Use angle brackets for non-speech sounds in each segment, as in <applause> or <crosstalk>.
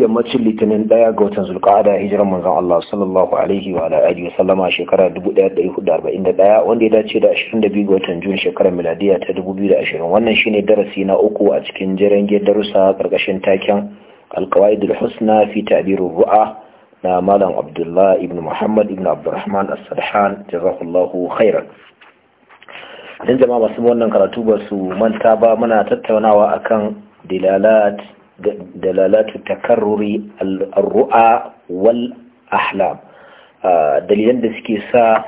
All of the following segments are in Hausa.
yammacin litinin daya ga watan zulqa'ada hijiran manzon Allah sallallahu alaihi wa alihi sallama shekara 1441 wanda ya dace da 22 ga watan Jun shekarar miladiya ta 2020 wannan shine darasi na uku a cikin jirage darussa karkashin taken alqawaidul husna fi ta'birur ru'a na malam Abdullah ibn Muhammad ibn Abdurrahman as-Sadhan jazakallahu khairan dan jama'a masu wannan karatu ba su manta ba muna tattaunawa akan dilalat dalalatu takarruri al-ru'a wal ahlam dalilan da suke sa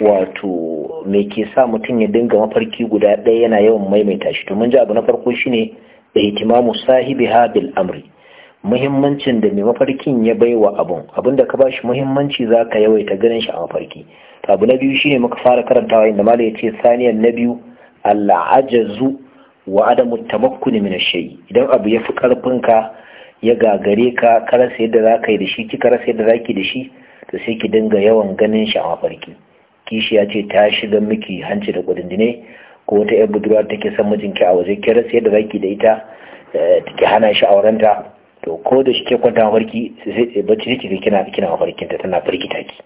wato me ke sa mutum ya dinga mafarki guda ɗaya yana yawan maimaita shi to mun ji abu na farko shine ihtimamu sahibi bil amri muhimmancin da mai mafarkin ya baiwa abun abinda ka bashi muhimmanci zaka yawaita ganin shi a mafarki to abu na biyu shine muka fara karantawa inda malai ya ce saniyar na biyu al'ajazu wa adamu tamakkuni min shayi idan abu ya fi karfinka ya gagare ka karasa yadda za ka yi da shi ki karasa yadda za ki da shi to sai ki dinga yawan ganin shi a mafarki kishi ya ce ta shiga miki hanci da kudindine ko wata yar budurwa take son mijinki a waje ki rasa yadda za ki da ita eh, ki hana shi aurenta to ko da shi ke kwanta mafarki sai bacci take kina kina mafarkinta tana firgita ki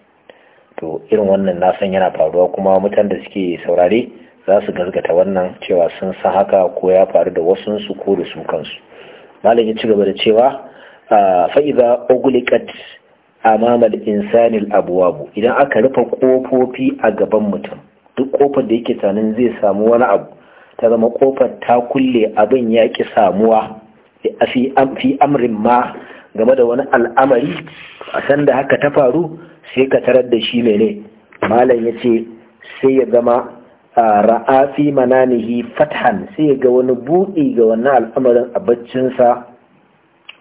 to irin wannan na san yana faruwa kuma mutanen da suke saurare za su gazgata wannan cewa sun san haka ko ya faru da su ko da su kansu malam ya ci gaba da cewa fa'iza ogulikat insani insanil abuwabu idan aka rufe kofofi a gaban mutum duk kofar da yake tunanin zai samu wani abu ta zama kofar ta kulle abin ya ki samuwa fi amrin ma game da wani al'amari a sanda haka ta faru sai ka tarar da shi mene malam ya ce sai ya zama ra'a fi mananihi fathan sai ga wani buɗi ga wani al'amarin a baccinsa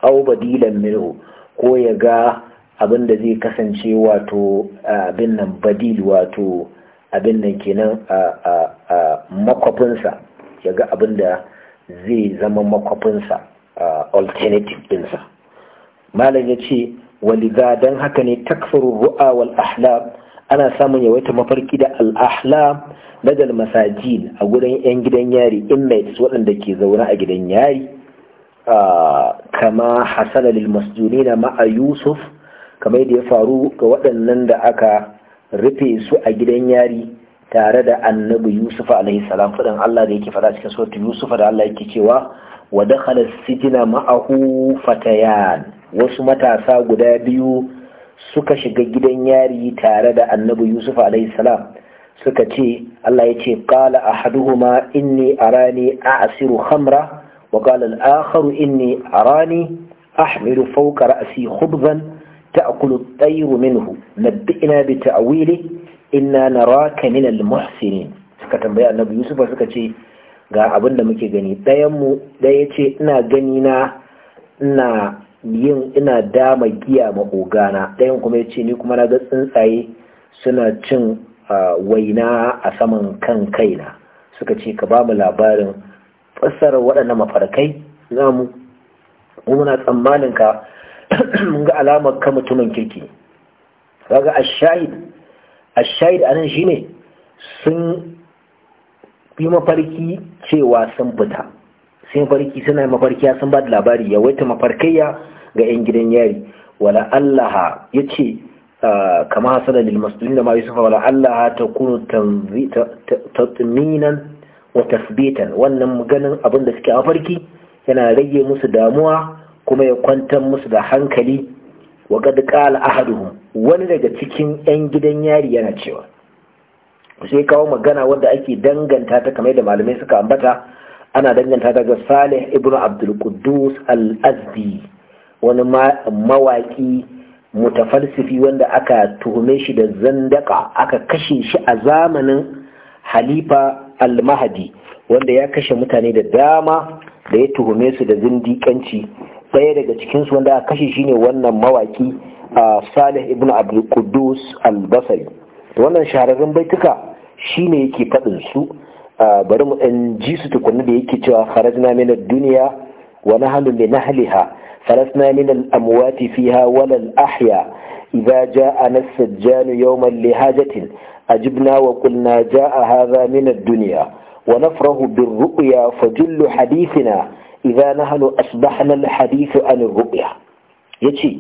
au badilan minhu ko ya ga abin da zai kasance wato abin nan badil wato abin nan kenan a makwafinsa ya ga abin da zai zama makwafinsa alternative ɗinsa malam ya ce waliza don haka ne takfar ru'a wal ahlam ana samun yawaita mafarki da al ahlam nadal masajin a gurin 'yan gidan yari inmates waɗanda ke zaune a gidan yari ah, kama hasana lil na ma'a yusuf kama yadda ya faru ga waɗannan da aka rufe su a gidan yari tare da annabi yusuf alaihi salam faɗin allah da yake faɗa cikin sautin yusuf da allah yake cewa wa dakhala sijina ma'ahu fatayan wasu matasa guda biyu suka shiga gidan yari tare da annabi yusuf alaihi salam suka ce Allah ya ce qala ahaduhuma inni arani a'siru hamra wa qala al-akharu inni arani ahmilu fawqa ra'si khubzan ta'kulu at-tayru minhu nabbi'na bi ta'wili inna naraka min al-muhsinin suka tambaya annabi Yusuf suka ce ga abin da muke gani ɗayan mu ɗaya ce ina gani na ina yin ina dama giya ma ogana ɗayan kuma ya ce ni kuma na ga tsuntsaye suna cin waina a saman kan kaina suka ce ka bamu labarin fassara waɗannan mafarkai namu mu muna tsammanin ka <clears throat> mun ga alamar ka mutumin kirki kaga ashahid ashahid anan shine sun yi mafarki cewa sun fita sai mafarki suna mafarkiya sun ba da labari ya waita mafarkaiya ga 'yan gidan yari wala allaha ya ce كما حصل للمسلمين مع يوسف ولعلها تكون wa وتثبيتا wannan maganin abin da suke afarki yana rage musu damuwa kuma ya kwanta musu da hankali wa qad wani daga cikin yan gidan yari yana cewa sai kawo magana wanda ake danganta ta kamar da malamai suka ambata ana danganta daga Salih ibnu Abdul Quddus al-Azdi wani mawaƙi. mutafalsifi wanda aka tuhume shi da zandaka aka kashe shi a zamanin halifa al-mahadi wanda ya kashe mutane da dama da ya tuhume su da zindikanci. ɗaya daga cikinsu wanda aka kashe shi ne wannan mawaki salih ibn abdul qudus al-basri wannan shahararren baituka shine yake faɗin su bari mu ɗan ji su tukunna da yake cewa kharajna min duniya dunya wa nahlu li فلسنا من الأموات فيها ولا الأحياء إذا جاءنا السجان يوما لحاجة أجبنا وقلنا جاء هذا من الدنيا ونفره بالرؤيا فجل حديثنا إذا نهل أصبحنا الحديث عن الرؤيا يتشي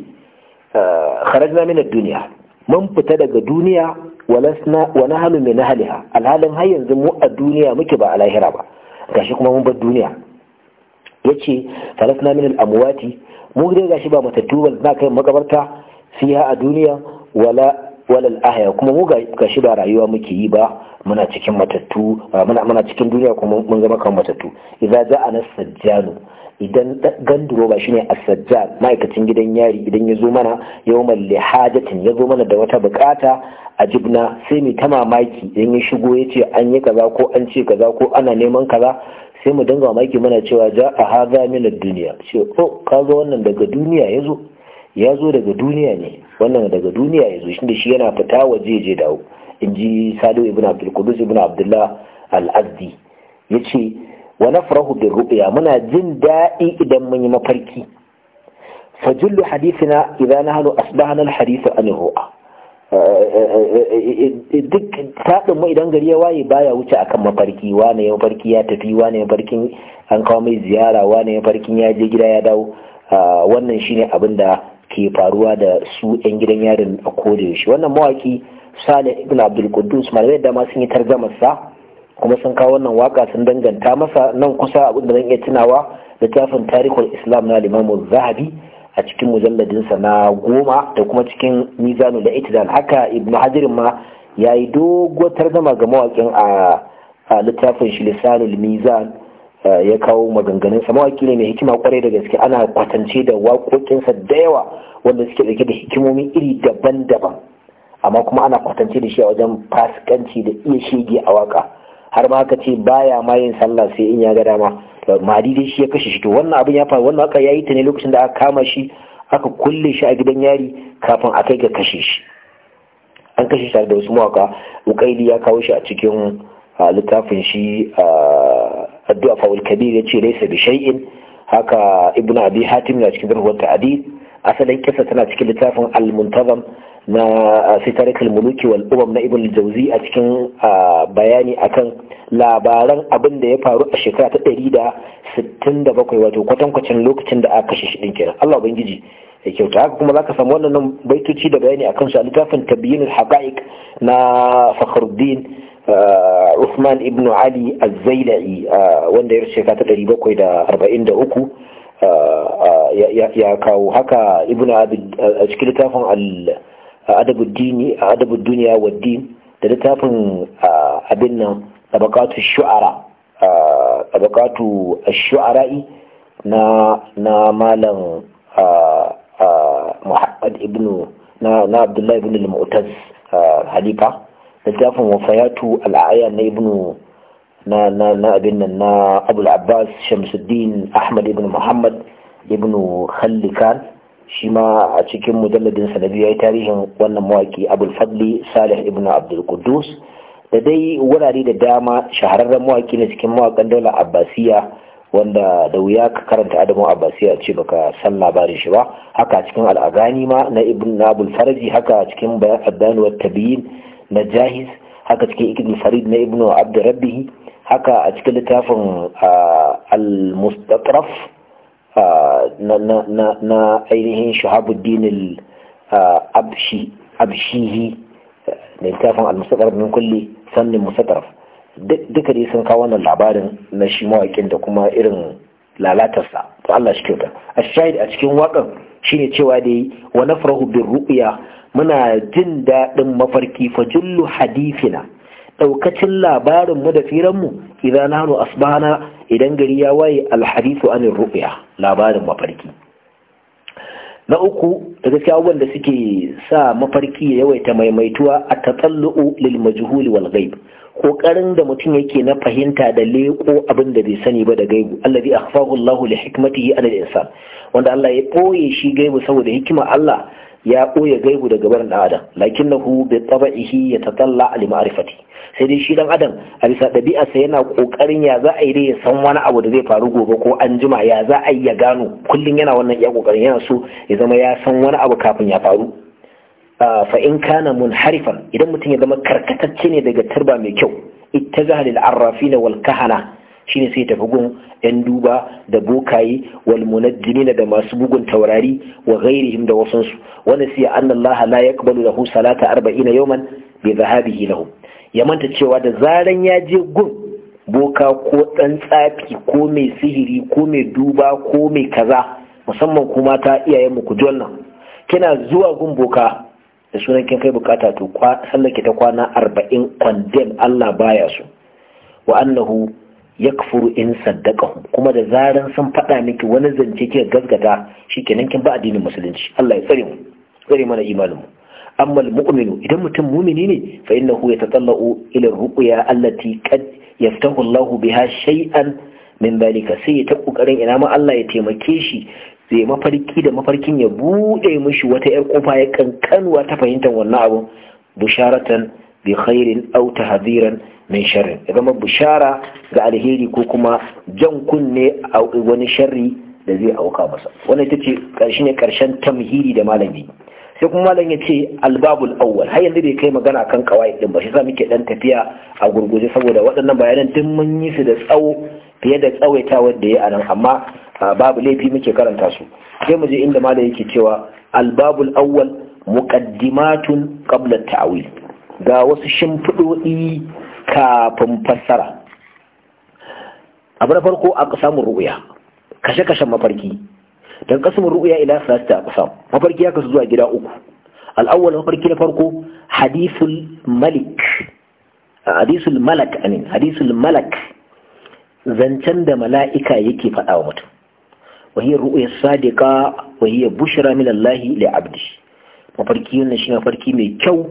آه، خرجنا من الدنيا من بتدق دنيا ولسنا ونهل من أهلها العالم هاي ينزموا الدنيا مكبا على هرابا كاشيكم من بالدنيا yace falasna min al-amwati mu dai gashi ba matattu ba na kai makabarta fiha a duniya wala wala al-ahya kuma mu gashi ba rayuwa muke yi ba muna cikin matattu muna cikin duniya kuma mun zama kan matattu idza ja'ana sajjanu idan ganduro ba shine asajjal ma'aikacin gidan yari idan ya zo mana yawmal lihajatin ya zo mana da wata bukata a jibna sai mu ta mamaki idan ya shigo ya ce an yi kaza ko an ce kaza ko ana neman kaza sai mu dinga mamaki mana cewa ja a haza min duniya ce oh ka zo wannan daga duniya ya zo ya zo daga duniya ne wannan daga duniya ya zo shi da shi yana fita waje je dawo in ji sadu ibn abdul ibn abdullah al-azdi ce. wa nafrahu bi ru'ya muna jin daɗi idan mun yi mafarki fajullu hadithina idan nahnu asbahana al-hadith an ru'a duk sadin mu idan gari ya waye baya wuce akan mafarki wane ya mafarki ya tafi wane ya mafarkin an kawo mai ziyara wane ya mafarkin ya je gida ya dawo ah, wannan shine abin da ke faruwa da su 'yan gidan yarin a kodayaushe wannan mawaki salih ibn abdul quddus malamai da ma sun yi tarjamar sa kuma sun kawo wannan waka sun danganta masa nan kusa abin da zan iya tunawa littafin tarihul islam na limamu zahabi a cikin mujalladinsa na goma da kuma cikin mizanu da itidal haka ibnu hajirin ma ya yi dogotar ga mawakin a littafin shi lisanul mizan ya kawo maganganun sa mawaki ne mai hikima kwarai da gaske ana kwatance da waƙoƙinsa da yawa wanda suke dauke da hikimomi iri daban-daban amma kuma ana kwatance da shi a wajen fasikanci da iya shege a waka har ma aka ce baya ma yin sallah sai in ya ga dama madi dai shi ya kashe shi to wannan abin ya faru wannan aka yayi ta ne lokacin da aka kama shi aka kulle shi a gidan yari kafin a kai ga kashe shi an kashe shi da wasu mawaka ukaili ya kawo shi a cikin littafin shi addu'a fawul kabir ya ce laisa bi shay'in haka ibnu abi hatim na cikin darhuwar ta'adi asalin kisa tana cikin littafin al-muntazam na fi tarikal muluki wal umam na ibn jauzi a cikin bayani akan labaran abin da ya faru a shekara ta ɗari da sittin da bakwai wato kwatankwacin lokacin da aka kashe shi kenan Allah ubangiji ya kyauta haka kuma zaka samu wannan baitoci da bayani akan su a littafin tabyinul haqa'iq na Fakhruddin Usman ibn Ali al zailai wanda ya rushe shekara ta ɗari bakwai da arba'in da uku ya kawo haka ibn Abid a cikin littafin al a adabu dini a duniya wa din da littafin abin nan tabakatu shu'ara tabakatu shu'ara'i na na malam Muhammad ibn na na Abdullah ibn al-Mu'taz halifa littafin wafayatu al-aya na ibn na na na abin nan na Abu al-Abbas Shamsuddin Ahmad ibn Muhammad ibn Khallikan shi ma a cikin mujalladin na biyu ya yi tarihin wannan mawaki abul fadli salih ibn abdul kudus da dai wurare da dama shahararren mawaki ne cikin mawakan daula abbasiya wanda da wuya ka karanta adamu abbasiya ce baka san labarin shi ba haka cikin al'agani ma na ibn abul farji haka cikin bayan addanu wa tabiin na jahiz haka cikin ibn farid na ibn abd haka a cikin littafin ah, al-mustatraf na ainihin shahabuddin abshihi da littafin al-musataraf min kulli sannin musataraf duka dai sun kawo wannan labarin na shi mawaƙin da kuma irin lalatarsa to Allah shi kyauta a shahid a cikin waƙan shine cewa dai wa nafrahu bin ru'ya muna jin daɗin mafarki fa jullu Ɗaukacin ɗaukacin labarin mu da firanmu mu idan hannu asbana idan gari ya waye al anin anir labarin mafarki na uku da gaskiya abubuwan da suke sa mafarki ya yawaita maimaituwa a tatsallu'u lil majhuli wal ghaib kokarin da mutum yake na fahimta da leko abin da bai sani ba da gaibu allazi akhfahu Allah li hikmatihi ala al wanda Allah ya ɓoye shi gaibu saboda hikima Allah ya ɓoye gaibu daga barin ɗan adam lakin ihi ya ta Talla a limarifati sai dai shi dan adam a bisa ɗabi'arsa yana ƙoƙarin ya za a yi dai ya san wani abu da zai faru gobe ko an jima ya za a yi ya gano kullum yana wannan iya ƙoƙarin yana so ya zama ya san wani abu kafin ya faru fa in kana munharifan idan mutum ya zama karkatacce ne daga turba mai kyau ita lil arrafina wal kahana shine sai tafi gun yan duba da bokaye wal munajjimin da masu bugun taurari wa ghairihim da su wanda sai annallaha la yaqbalu lahu salata 40 yawman bi dhahabihi lahum ya manta cewa da zaran ya je gun boka ko dan tsafi ko mai sihiri ko mai duba ko mai kaza musamman kuma ta iyayen mu ku kina zuwa gun boka da sunan kin kai bukata to sallake ta kwana 40 kwandem Allah baya su wa annahu yakfuru in saddaqahu kuma da zaran sun faɗa miki wani zance kika gaskata shikenan kin ba addinin musulunci Allah ya tsare mu tsare mana imanin mu amma almu'minu idan mutum mumini ne fa innahu yatatalla'u ila ruqya allati qad yaftahu Allah biha shay'an min dalika sai ta kokarin ina ma Allah ya taimake shi zai mafarki da mafarkin ya bude mishi wata yar kofa ya kankanwa ta fahimtar wannan abu bisharatan bi khairin aw tahdhiran min sharrin ya zama bishara ga alheri ko kuma jan kunne a wani sharri da zai auka masa wannan ita ce karshe ne karshen tamhidi da malami sai kuma malam ya ce albabul awwal har yanzu bai kai magana kan kawai din ba shi sa muke dan tafiya a gurguje saboda waɗannan bayanan din mun yi su da tsawo fiye da tsawaitawar da ya anan amma babu laifi muke karanta su sai mu je inda malam yake cewa albabul awwal muqaddimatun qabla tawil ga wasu shimfidodi kafin fassara abu na farko a samun ru'uya kashe-kashen mafarki don kasumin ru'uya ila salasta a kusa mafarki ya kasu zuwa gida uku al'awwal mafarki na farko hadisul malik hadisul malak amin hadisul malak zancen da mala'ika yake faɗa wa mutum wahiyar ru'uya sadiqa wahiyar bushra min allahi li abdi mafarki wannan shi mafarki mai kyau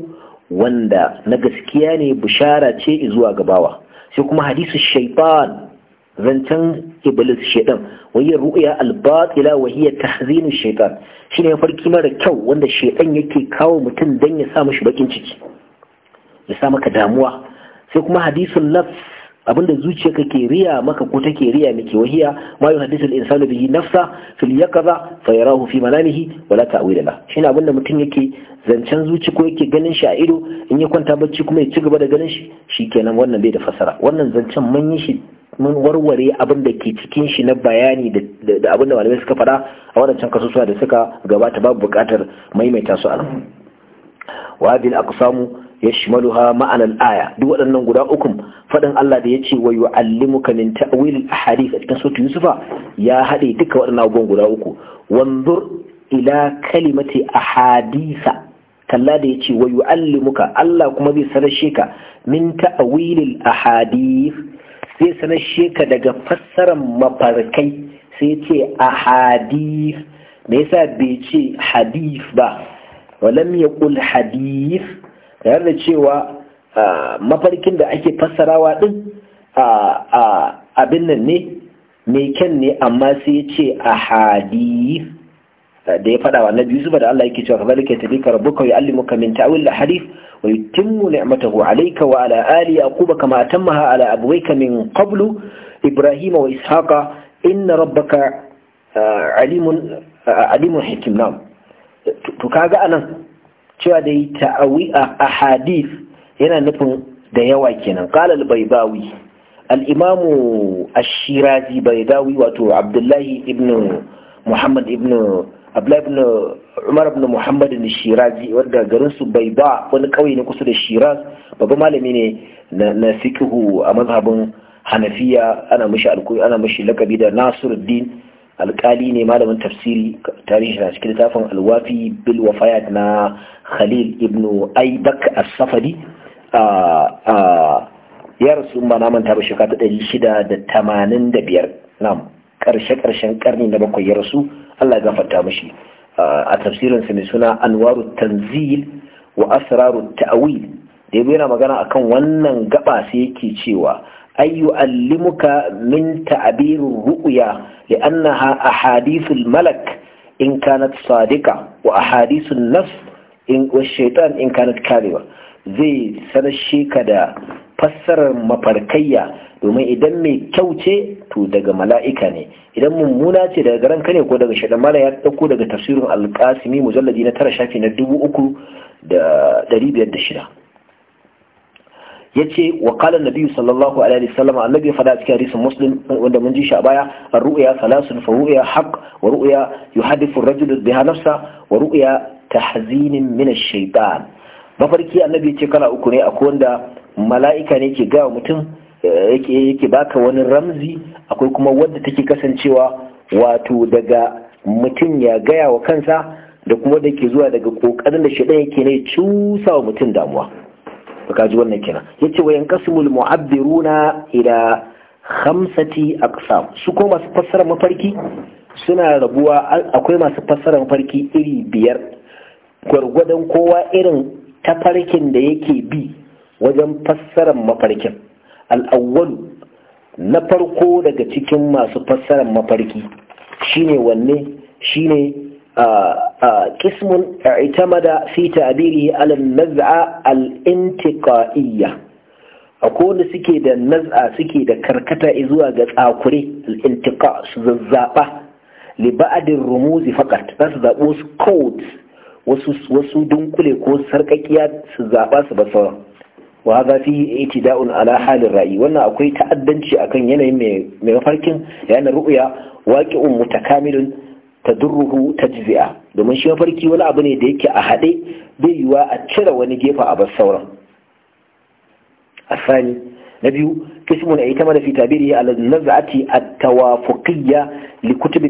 wanda na gaskiya ne bishara ce zuwa gabawa sai kuma hadisu shaitan zancen iblis shaitan wayar ru'ya al-batila wa hiya tahzinu shaitan shine farki mara kyau wanda shaitan yake kawo mutum dan ya sa mishi bakin ciki ya sa maka damuwa sai kuma hadisun nafs Abin da zuciya kake riya maka ko take riya miki wahiya ma hadithu al-insanu bihi nafsa fil yaqza fa yarahu fi manamihi wa la ta'wila la shine abinda mutum yake zancen zuci ko yake ganin shi a ido in ya kwanta bacci kuma ya ci gaba da ganin shi shikenan wannan bai da fasara wannan zancen mun yi shi mun warware abin da ke cikin shi na bayani da abin da malamai suka faɗa a wadancan kasusuwa da suka gabata babu bukatar maimaita su a nan wa hadhihi al-aqsamu yashmaluha ma'anan aya duk waɗannan guda uku faɗin Allah da yace wa yu'allimuka min ta'wil al-ahadith cikin sura Yusufa ya haɗe duka waɗannan abubuwan guda uku wanzur ila kalimati ahadisa kalla da yace wa yu'allimuka Allah kuma zai sanashe ka min ta'wil al-ahadith Sai sanashe ka daga fassarar mafarkai sai yace ahadith me yasa bai ce hadith ba walam yaqul hadith tare da cewa mafarkin da ake fassarawa din abin nan ne mai kyan ne amma sai ya ce a hadith da ya faɗa wa nabi yusuf da Allah yake cewa ka yi rabbuka ka min ta'wil al-hadith wa yutimmu ni'matahu alaika wa 'ala ali yaquba kama atammaha 'ala ka min qablu ibrahima wa ishaqa inna rabbaka alimun alimun hikim nam to kaga anan cewa da yi ta'awi a hadith yana nufin da yawa kenan qala al al-imamu ash-shirazi baydawi wato abdullahi ibn muhammad ibn abdullahi ibn umar ibn muhammad ash-shirazi wanda garin su ba wani kauye ne kusa da shiraz babban malami ne na fiqhu a mazhabin hanafiya ana mishi alkuri ana mashi lakabi da nasiruddin Alƙali ne malamin tafsiri tarihi na cikin littafin alwafi bil wafayat na khalil ibn aibak as-safadi ya rasu ba na manta ba shekara ta 685 nam ƙarshe karshen karni na bakwai ya rasu Allah ya gafarta mashi a tafsirin su mai suna anwaru tanzil wa asraru ta'awil da yana magana akan wannan gaba sai yake cewa أن يؤلمك من تعبير الرؤيا لأنها أحاديث الملك إن كانت صادقة وأحاديث النفس والشيطان إن كانت كاذبة zai sanashe ka da fassarar mafarkayya domin idan mai kyau ce to daga mala'ika ne idan mummuna ce daga garan ka ne ko daga shaɗan mala ya ɗauko daga tafsirin alƙasimi mujalladi na tara shafi na dubu uku da ɗari biyar da shida yace wa kala nabi sallallahu alaihi wasallam annabi ya fada cikin hadisin muslim wanda mun ji shi a baya ar-ru'ya salasun fa ru'ya haqq wa ru'ya yuhadithu ar-rajulu biha nafsa wa ru'ya tahzinin min ash-shaytan mafarki annabi yace kala uku ne akwai wanda mala'ika ne ke ga mutum eh, yake yake baka wani ramzi akwai kuma wanda take kasancewa wato daga mutum ya gaya wa kansa da kuma da ke zuwa daga kokarin da shi yake ne cusa wa mutum damuwa to kaji wannan Ya ce wa yanqasimul mu'abbiruna ila khamsati aqsam su ko masu fassara mafarki suna rabuwa akwai masu fassara mafarki iri biyar gwargwadon kowa irin tafarkin da yake bi wajen fassarar mafarkin al'awwalu na farko daga cikin masu fassarar mafarki shine wanne shine قسم اعتمد في تعبيره على النزعة الانتقائية أقول سكيد النزعة سكيد كركتا إزواج أكوري الانتقاء الزابة لبعض liba'adin rumuzi بس ذا was codes wasu dunkule ko sarƙaƙiya su zaɓa su ba wa za fi itida'un ala halin ra'ayi wannan akwai ta'addanci akan yanayin mai mafarkin yana ru'uya waqi'un mutakamilun Ta ta tajzi'a domin shi mafarki wani abu ne da yake a haɗe bai yiwa a cire wani gefa a bar sauran A Sani na biyu kismun a ita mana fi tabiri a nazati a tawafuqiyya li kutub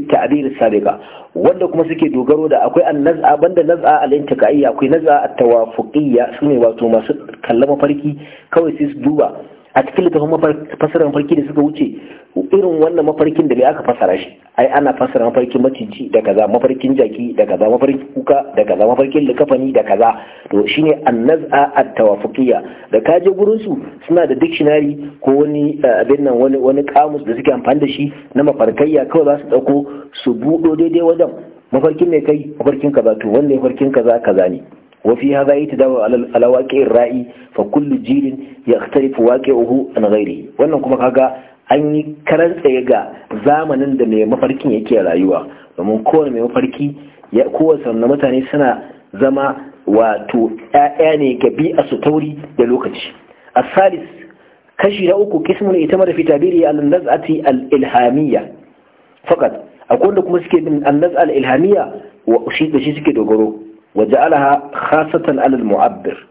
wanda kuma suke dogaro da akwai an-naz'a banda naz'a al-intiqaiyya akwai naz'a at-tawafuqiyya sune wato masu kallama farki kawai sai su duba a cikin littafin fasara mafarki da suka wuce irin wannan mafarkin da bai aka fasara shi ai ana fasara mafarkin macinci da kaza mafarkin jaki da kaza mafarkin kuka da kaza mafarkin likafani da kaza to shine annaz'a at-tawafuqiyya da kaje gurin su suna da dictionary ko wani eh, abin nan wani wani kamus da suke amfani da shi na mafarkayya kawai za su dauko su budo daidai wajen mafarkin ne kai mafarkin kaza to wannan mafarkin kaza kaza ne وفي هذا يتداوى على واقع الرأي فكل جيل يختلف واقعه عن غيره wannan kuma kaga an yi karan tsaye ga zamanin da mai mafarkin yake rayuwa domin kowane mai mafarki ya kowace sannan mutane suna zama wato 'ya'ya ne ga bi'a su da lokaci asalis kashi na uku kismun ita mara fi tabiri al-naz'ati al-ilhamiyya faqat akwai kuma suke al-ilhamiyya da shi suke dogaro وجعلها خاصة على المعبر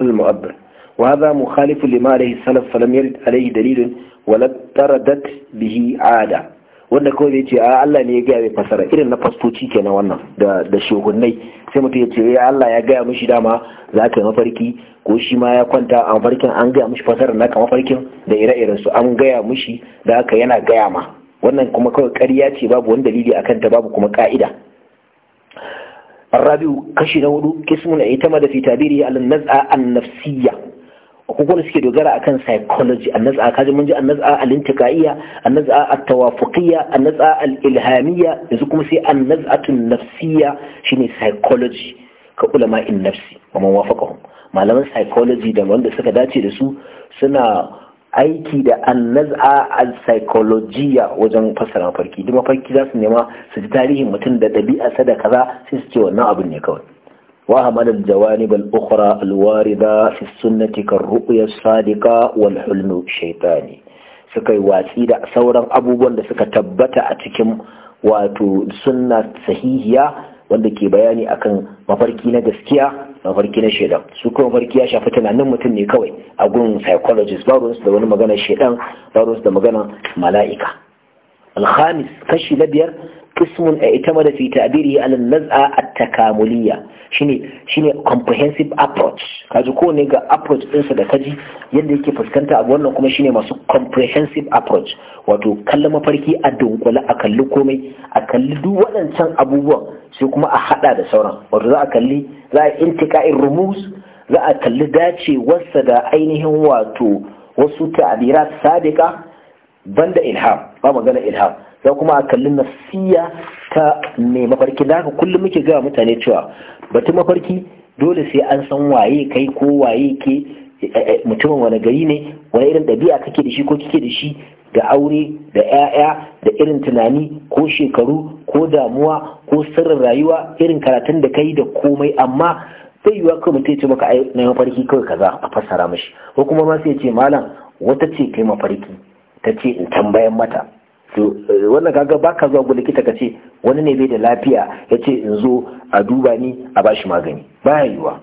على المعبر وهذا مخالف لما عليه السلف فلم يرد عليه دليل ولا تردت به عادة wanda kawai zai ce a Allah ne ya gaya mai fasara irin na fastoci kenan wannan da da sai mutum ya ce ya Allah ya gaya mishi dama za ka yi mafarki ko shi ma ya kwanta a mafarkin an gaya mishi fasara na ka mafarkin da ire-iren su an gaya mishi da haka yana gaya ma wannan kuma kawai ƙarya ce babu wani dalili akan ta babu kuma ka'ida الرابع كشي نهدو كسم اعتمد في تعبيره على النزعة النفسية وكوكونا سكي دوغارا اكن سايكولوجي النزعة كاجة منجي النزعة الانتقائية النزعة التوافقية النزعة الإلهامية يزوكم سي النزعة النفسية شيني سايكولوجي كعلماء النفسي ومن وافقهم malaman psychology da wanda suka dace da su suna aiki da annaz'a al psychologiya wajen fassara mafarki duk mafarki za su nema su ji tarihin mutum da ɗabi'a sa da kaza sai su ce wannan abin ne kawai wa hamala jawanib al ukhra al warida fi sunnati kar ru'ya sadiqa wal hulm shaytani suka yi watsi da sauran abubuwan da suka tabbata a cikin wato sunna sahihiya wanda ke bayani akan mafarki na gaskiya mafarki na shaidan su kuma mafarki ya shafi tunanin mutum ne kawai a gun psychologist ba da wani magana shaidan ba da magana mala'ika alhamis kashi na biyar قسم اعتمد في a lalaza a takamuliya shi ne comprehensive approach kaji ko ne ga approach ɗinsa da kaji yadda yake fuskanta a wannan kuma shine masu comprehensive approach wato kallon mafarki a dunkule a kalli komai a kalli duk waɗancan abubuwan sai kuma a hada da sauran wato za a kalli za a intika'in rumus za a kalli dacewarsa da ainihin wato wasu ta'abira sadiqa banda ilham ba magana ilham za kuma a kalli nasiya ta mai mafarki da haka kullum muke gaya mutane cewa batun mafarki dole sai an san waye kai ko waye ke eh, eh, mutumin wani gari ne wani irin ɗabi'a kake da shi ko kike da shi da aure da 'ya'ya da irin tunani ko shekaru ko damuwa ko sirrin rayuwa irin karatun da kai da komai amma zai yiwa kawai mutum ce maka na yi mafarki kawai kaza a fassara mashi ko kuma ma sai ce malam wata ce kai mafarki ta ce in tambayan mata to eh, wannan kaga baka zuwa gudu likita ka ce wani ne bai da lafiya ya ce in zo a duba ni a bashi magani baya yiwuwa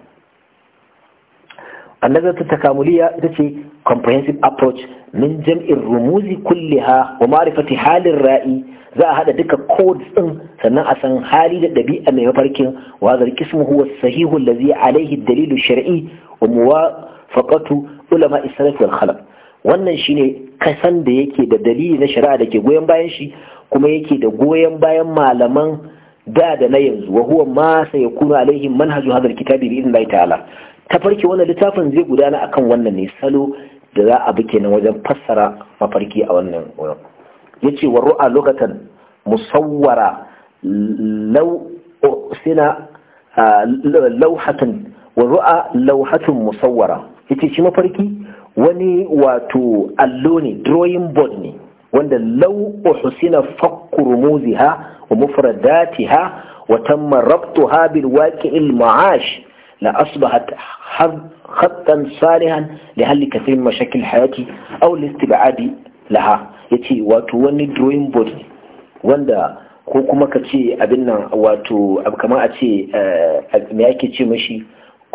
annazar ta takamuliya ita ce comprehensive approach min jam'in rumuzi kulliha wa ma'rifati halin ra'i za a haɗa duka codes ɗin sannan a san hali da ɗabi'a mai mafarkin wazar zarki ismuhu huwa sahihu allazi alaihi dalilu shar'i wa muwafaqatu ulama israf wal khalaq wannan shine kasan da yake da dalili na shari'a da ke goyon bayan shi kuma yake da goyon bayan malaman da da na yanzu wa huwa ya kuna alaihi manhajin hadha alkitabi bi idnillahi ta'ala tafarki wannan littafin zai gudana akan wannan ne salo da za a bi kenan wajen fassara mafarki a wannan wurin yace wa ru'a lokatan musawwara law sina wa ru'a lawhatun musawwara yace shi mafarki wani wato allo ne drawing board ne wanda law uhsina fakku rumuziha wa mufradatiha wa tamma rabtuha bil waqi'il ma'ash لأصبحت خطا صالحا لحل كثير من مشاكل حياتي أو الاستبعاد لها يتي واتو واني دروين بورد واندا ko kuma ka ce abin nan wato abu kamar a ce me ake ce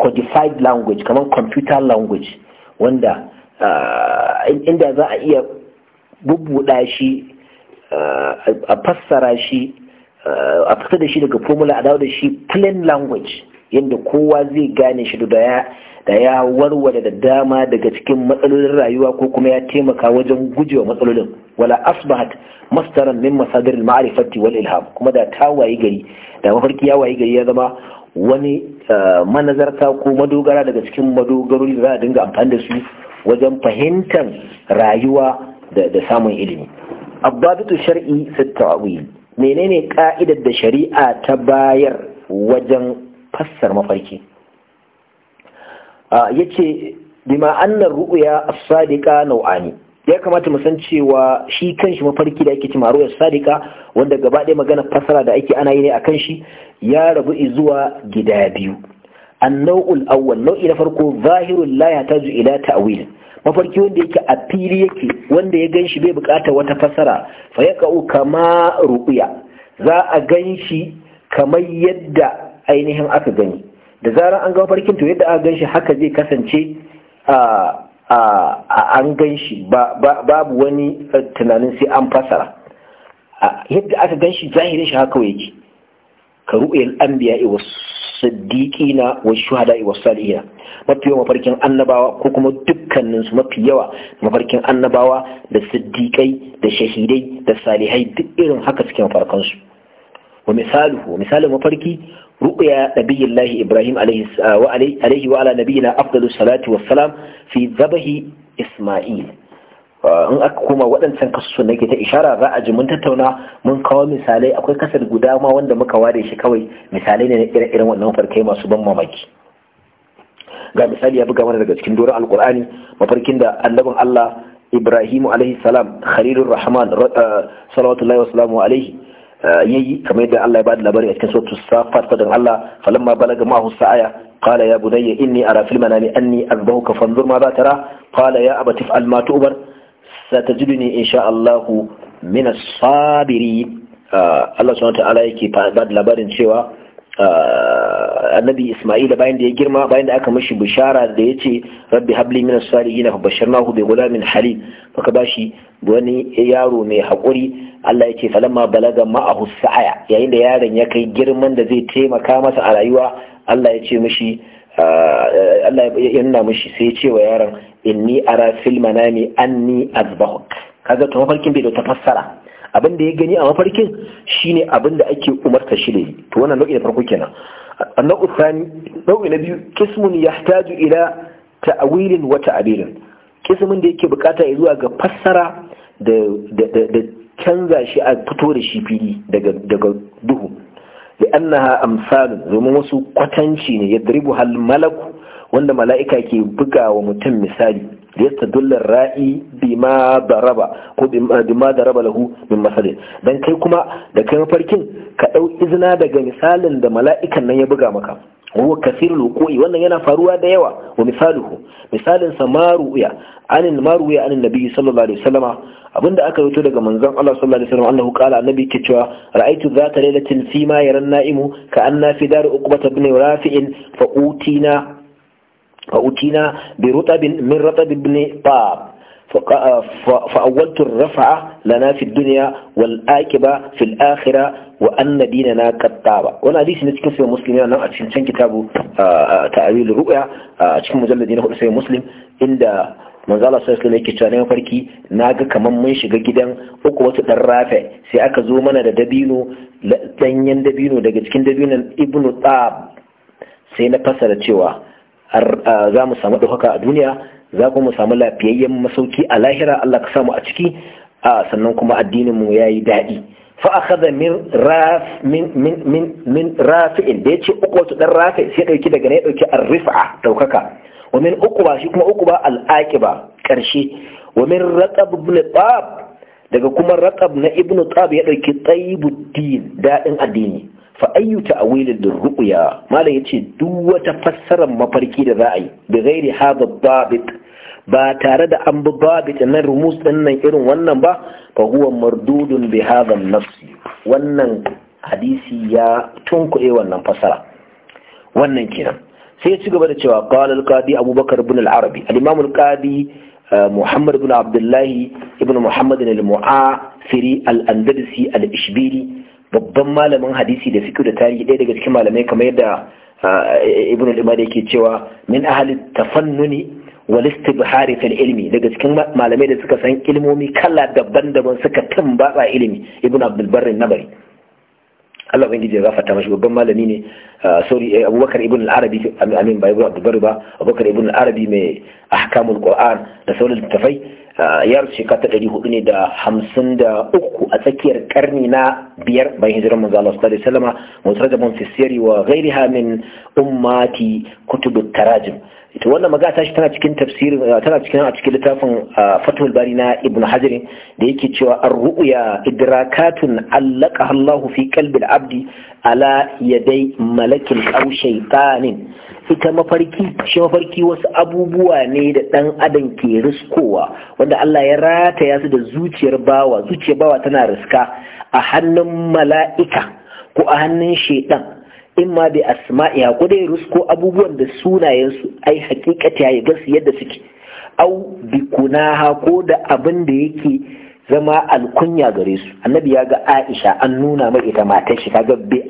codified language kamar computer language wanda inda za a iya داشي shi a fassara shi a fita da shi formula a dawo da shi plain language yadda kowa zai gane shi da ya warware da dama daga cikin matsalolin rayuwa ko kuma ya taimaka wajen gujewa matsalolin wala asbahat mastaran min masadir ma'rifati wal ilham kuma da ta wayi gari da mafarki ya wayi gari ya zama wani eh, manazarta ko madogara daga cikin madogarori da za a dinga amfani da su wajen fahimtar rayuwa da samun ilimi abbabitu shar'i fi ta'wil menene ka'idar da shari'a ta bayar wajen fassar mafarki ah, ya ce bima annar ru'uya a sadiqa nau'ani ya kamata mu san cewa shi kanshi mafarki da ake cima ru'ya sadika sadiqa wanda gaba ɗaya magana fassara da ake ana yi ne kan shi ya rabu zuwa gida biyu an-nau'ul awwal nau'i na farko zahirul la yataju ila ta'wil mafarki wanda yake a fili yake wanda ya gan shi bai bukata wata fassara fa yaqa'u kama ru'uya. za a gan shi kamar yadda ainihin aka gani da zarar an ga mafarkin to yadda aka ganshi haka zai kasance a an ganshi. babu wani tunanin sai an fasara yadda aka ganshi zahirin shi haka yake ka ru'ayil anbiya wa siddiqina wa shuhada wa salihina mafi yawa mafarkin annabawa ko kuma dukkanin su mafi yawa mafarkin annabawa da siddiqai da shahidai da salihai duk irin haka suke mafarkansu. wa misaluhu misalin mafarki ru'ya nabiyillahi ibrahim alaihi wa ala nabiyina afdalus salatu wassalam fi dhabahi isma'il uh, in aka koma waɗancan kasusun nake ta ishara za a ji mun tattauna mun kawo misalai akwai kasar guda ma wanda muka ware shi kawai misalai ne na ire-iren wannan farkai masu ban mamaki ga misali ya buga mana daga cikin doron alkur'ani mafarkin da annabin allah ibrahimu alaihi salam khalilur rahman uh, salawatullahi wasalamu alaihi yayi kamar yadda Allah ya bada labari a cikin suratul safat fadan Allah falamma balaga ma hu sa'aya qala ya bunayya inni ara fil manami anni azbahuka fanzur ma za tara qala ya abati fa'al ma tu'mar satajiduni insha Allah min as-sabirin Allah subhanahu wa ta'ala yake bada labarin cewa annabi Isma'il bayan da ya girma bayan da aka mashi bishara da ya ce rabbi habli minas salihin fa basharnahu bi gulamin halim faka bashi wani yaro mai haƙuri Allah ya ce falamma balaga ma'ahu sa'aya yayin da yaron ya kai girman da zai taimaka masa a rayuwa Allah ya ce mishi Allah ya nuna mishi sai ya ce wa yaron inni ara fil manami anni azbahuk kaga to mafarkin bai da tafassara abin da ya gani a mafarkin shine abin da ake umarta shi ne to wannan nau'i na farko kenan nau'u sani nau'i na biyu ta yahtaju ila ta'wilin wa ta'birin kismun da yake bukata ya zuwa ga fassara da canza shi a fito da shi fili daga daga duhu annaha amsal domin wasu kwatanci ne yadribu hal malaku wanda mala'ika ke buga wa mutum misali yastadullu ra'i bima da raba, ko bima da raba lahu min masalin dan kai kuma da kai mafarkin ka ɗau izina daga misalin da mala'ikan nan ya buga maka huwa kasirul wuqu'i wannan yana faruwa da yawa wa misalihu. misalin sa maruya anin maruya anin nabi sallallahu alaihi wasallama abinda aka rawaito daga manzon Allah sallallahu alaihi wasallam annahu qala annabi ke cewa ra'aytu zata lailatin fi ma yaran na'imu ka anna fi dar uqbata ibn rafi'in fa utina فأتينا برطب من رطب بن طاب فأولت الرفعة لنا في الدنيا والآكبة في الآخرة وأن ديننا قد طاب وانا حديث ne cikin sayyid muslim yana a cikin can kitabu ta'awil ru'ya a cikin mujalladi na hudu sayyid muslim inda manzo Allah sallallahu alaihi yake cewa farki naga kaman mun shiga gidan uku wata dan rafe sai aka zo mana da dabino danyen dabino daga cikin dabinon ibnu tab sai na fasara cewa za mu samu ɗaukaka a duniya za kuma mu samu lafiyayyen masauki a lahira Allah ka samu a ciki a sannan kuma addinin mu yayi daɗi fa a kada min rafi'in da yace uku dan rafi sai dauki daga ne dauki ar-rif'a daukaka wa min uquba shi kuma uku ba aqiba karshe wa min raqab ibn tab daga kuma raƙab na ibn tab ya ɗauki tayyibuddin daɗin addini fa ayyu ta'wilin da ruqya malam yace duk wata fassarar mafarki da za a yi bi ghairi hadha babit ba tare da an bi babit na rumus din nan irin wannan ba fa huwa mardudun bi hadha nafsi wannan hadisi ya tunkuɗe wannan fasara wannan kenan sai ya ci gaba da cewa qala al-qadi abubakar ibn al-arabi al-imam al-qadi eh, muhammad ibn abdullahi ibn muhammad al-mu'afiri al-andalusi al-ishbili babban malamin hadisi da fiqh da tarihi ɗaya daga cikin malamai kamar yadda ah, ibn al-imam yake cewa min ahli tafannuni wal istibhari fil ilmi daga cikin malamai da suka san ilmomi kala daban-daban suka tambaba ilimi ibn abdul barr nabari Allah ubangiji ya gafarta mashi babban malami ne ah, sorry eh, Abubakar ibn al-Arabi amin ba Ibn Abdul Bari ba Abubakar ibn al-Arabi mai ahkamul Qur'an da sauran tafai. Yar shekata shekara ta ɗari hudu ne da hamsin da uku a tsakiyar karni na biyar bayan hijirar manzo Allah sallallahu alaihi wasallam musrajabun fi wa ghairiha min ummati kutubut tarajim ita wannan magana tashi tana cikin tafsirin eh, tana cikin a cikin littafin eh, Fathul Bari na Ibn Hajar da yake cewa ar-ru'ya idrakatun allaqaha Allahu fi qalbi abdi ala yadai malakin aw shaytanin ita mafarki shi mafarki wasu abubuwa ne da dan adam ke riskowa wanda Allah ya rataya su da zuciyar bawa zuciyar bawa tana riska a hannun mala'ika ko a hannun shaitan in ma bi asma'iha ko dai rusko abubuwan da sunayen su ai hakikati ya ga su yadda suke au bi kunaha ko da abin da yake zama alkunya gare su annabi ya ga Aisha an nuna mai ita matar shi kaga bi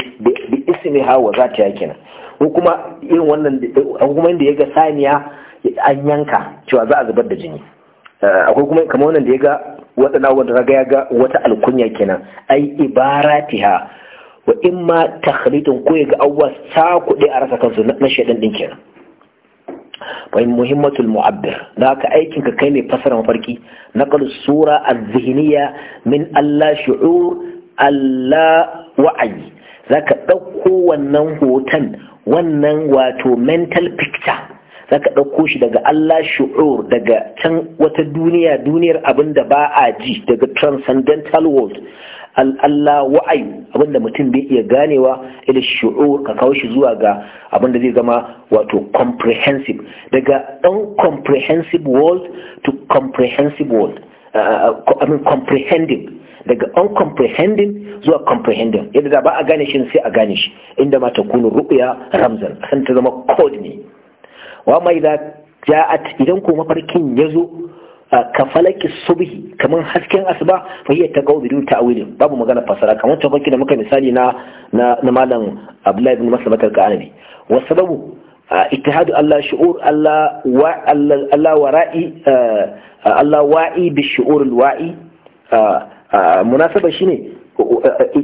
ismiha wa zata yake kenan ko kuma irin wannan kuma inda ya ga saniya an yanka cewa za a zubar da jini eh, akwai kuma kamar wannan da ya ga waɗanda wanda ya ga wata alkunya kenan ai ibaratiha wa in ma takhlitin ko ya ga abubuwa sa kuɗi a rasa kansu na shaidan ɗin kenan fa muhimmatul mu'abbir da haka aikin ka kai ne fasara mafarki naqal sura az-zihniyya min Allah shu'ur Allah wa'ayi zaka ɗauko wannan hoton wannan wato mental picture zaka ɗauko shi daga Allah shu'ur daga can wata duniya duniyar abinda da ba a ji daga transcendental world al'alla wa'ai abinda mutum bai iya ganewa ila shu'ur ka kawo shi zuwa ga abinda zai zama wato comprehensive daga uncomprehensive world to comprehensive world I mean comprehending daga uncomprehending zuwa comprehending yadda da ba a gane shi sai a gane shi inda ma ta kunu ru'ya ramzan san ta zama code ne wa mai da ja'at idan ko mafarkin ya zo ka falaki subhi kamar hasken asuba fa hiya ta gawo bidun ta'wilin babu magana fasara kamar ta da muka misali na na malam Abdullahi ibn Maslamah al-Qanabi wa sababu ittihadu Allah shu'ur Allah wa Allah wara'i Allah wa'i bi shu'ur al-wa'i munasaba shine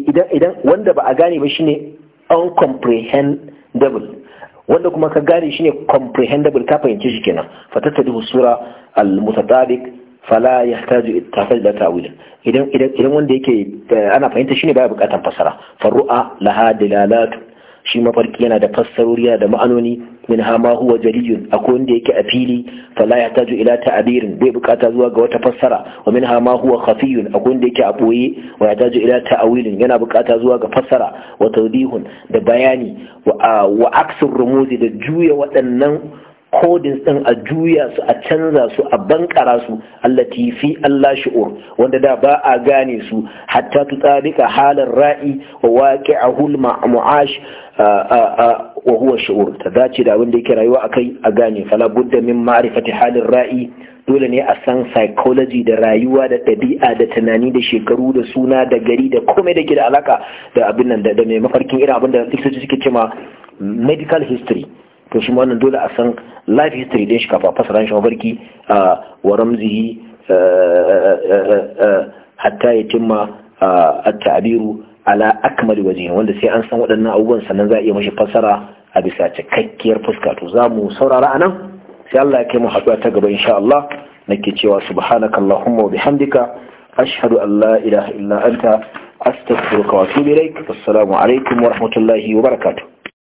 idan idan wanda ba a gane ba shine uncomprehendable wanda kuma ka gane shine comprehensible ka fahimci shi kenan duhu sura al-mutatabiq fala yahtaju ittafal da ta'wil idan idan wanda yake eh, ana fahimta shine baya bukatan fasara faru'a laha dilalatu shi mafarki yana da fassarori yana da ma'anoni min hama huwa jaliyun akwai wanda yake a fili fala ya taju ila ta'abirin bai bukata zuwa ga wata fassara wa min hama huwa khafiyun akwai wanda yake a boye wa ya ila ta'awilin yana bukata zuwa ga fassara wa tawdihun da bayani wa aksur rumuzi da juya waɗannan kodins din a juya su a canza su a bankara su allati fi Allah shi'ur wanda da ba a gane su hatta tutsarika halar ra'i wa waqi'ahul mu'ash wa huwa shu'ur ta dace da abin da yake rayuwa akai a gane fala budda min ma'rifati halin ra'i dole ne a san psychology da rayuwa da ɗabi'a da tunani da shekaru da suna da gari da komai da ke da alaka da abin nan da mai mafarkin irin abin da likitoci suke cewa medical history to shi wannan dole a san life history din shi kafa fasara shi mafarki wa ramzihi hatta ya cimma at-ta'biru ala akmali waje wanda sai an san waɗannan abubuwan sannan za a iya mashi fassara a bisa cikakkiyar fuska to za mu saurara a nan? sai Allah ya kai mu haɗuwa ta gaba insha Allah nake cewa subhanaka allahumma wa bihamdika ashhadu an la ilaha illa anta astaghfiruka wa atubu ilaik assalamu alaikum wa rahmatullahi wa barakatuh